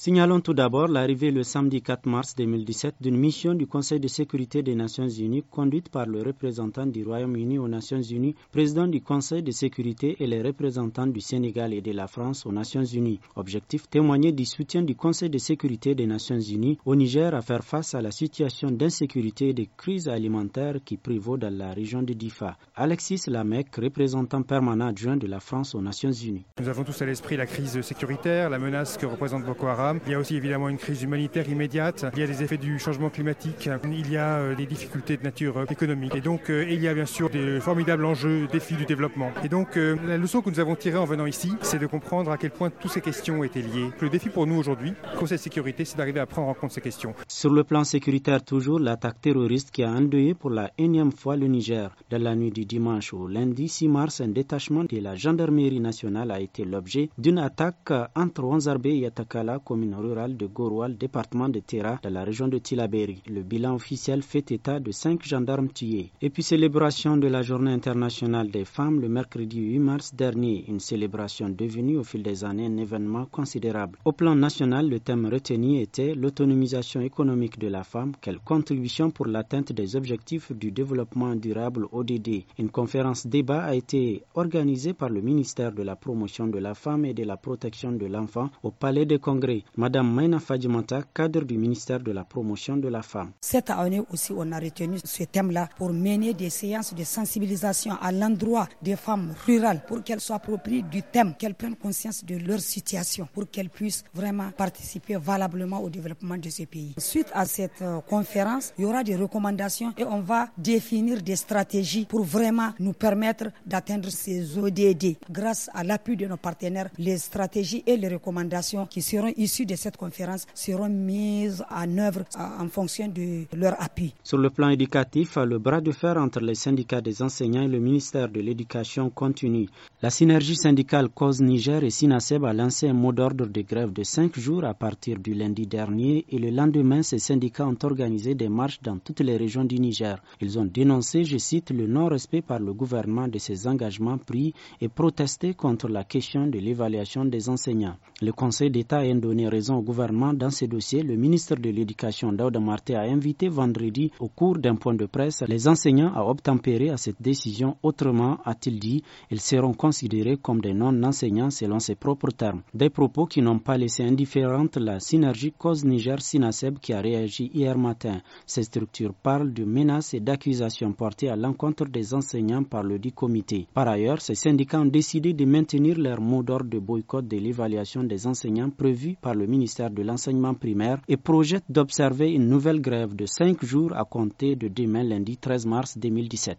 Signalons tout d'abord l'arrivée le samedi 4 mars 2017 d'une mission du Conseil de sécurité des Nations Unies conduite par le représentant du Royaume-Uni aux Nations Unies, président du Conseil de sécurité et les représentants du Sénégal et de la France aux Nations Unies. Objectif témoigner du soutien du Conseil de sécurité des Nations Unies au Niger à faire face à la situation d'insécurité et de crise alimentaire qui prévaut dans la région de Difa. Alexis Lamec, représentant permanent adjoint de la France aux Nations Unies. Nous avons tous à l'esprit la crise sécuritaire, la menace que représente Boko Haram il y a aussi évidemment une crise humanitaire immédiate, il y a les effets du changement climatique, il y a euh, des difficultés de nature euh, économique. Et donc, euh, il y a bien sûr des formidables enjeux, défis du développement. Et donc, la leçon que nous avons tirée en venant ici, c'est de comprendre à quel point toutes ces questions étaient liées. Le défi pour nous aujourd'hui, Conseil de sécurité, c'est d'arriver à prendre en compte ces questions. Sur le plan sécuritaire, toujours, l'attaque terroriste qui a endeuillé pour la énième fois le Niger. Dans la nuit du dimanche au lundi 6 mars, un détachement de la gendarmerie nationale a été l'objet d'une attaque entre Wanzarbe et Atakala, comme Rural de Goroual, département de Terra, dans la région de Tilaberi. Le bilan officiel fait état de cinq gendarmes tués. Et puis célébration de la Journée internationale des femmes le mercredi 8 mars dernier, une célébration devenue au fil des années un événement considérable. Au plan national, le thème retenu était l'autonomisation économique de la femme, quelle contribution pour l'atteinte des objectifs du développement durable ODD. Une conférence débat a été organisée par le ministère de la promotion de la femme et de la protection de l'enfant au Palais des Congrès. Madame Maina Fadjimanta, cadre du ministère de la Promotion de la Femme. Cette année aussi, on a retenu ce thème-là pour mener des séances de sensibilisation à l'endroit des femmes rurales pour qu'elles soient appropriées du thème, qu'elles prennent conscience de leur situation, pour qu'elles puissent vraiment participer valablement au développement de ce pays. Suite à cette euh, conférence, il y aura des recommandations et on va définir des stratégies pour vraiment nous permettre d'atteindre ces ODD grâce à l'appui de nos partenaires, les stratégies et les recommandations qui seront issues de cette conférence seront mises en œuvre euh, en fonction de leur appui. Sur le plan éducatif, le bras de fer entre les syndicats des enseignants et le ministère de l'Éducation continue. La synergie syndicale Cause Niger et Sinaseb a lancé un mot d'ordre de grève de cinq jours à partir du lundi dernier et le lendemain, ces syndicats ont organisé des marches dans toutes les régions du Niger. Ils ont dénoncé, je cite, le non-respect par le gouvernement de ses engagements pris et protesté contre la question de l'évaluation des enseignants. Le Conseil d'État a donné raison au gouvernement dans ce dossier, le ministre de l'Éducation Daouda Marté a invité vendredi au cours d'un point de presse les enseignants à obtempérer à cette décision. Autrement, a-t-il dit, ils seront considérés comme des non-enseignants selon ses propres termes. Des propos qui n'ont pas laissé indifférente la synergie cause Niger-Sinaseb qui a réagi hier matin. Ces structures parlent de menaces et d'accusations portées à l'encontre des enseignants par le dit comité. Par ailleurs, ces syndicats ont décidé de maintenir leur mot d'ordre de boycott de l'évaluation des enseignants prévu par le ministère de l'enseignement primaire et projette d'observer une nouvelle grève de cinq jours à compter de demain lundi 13 mars 2017.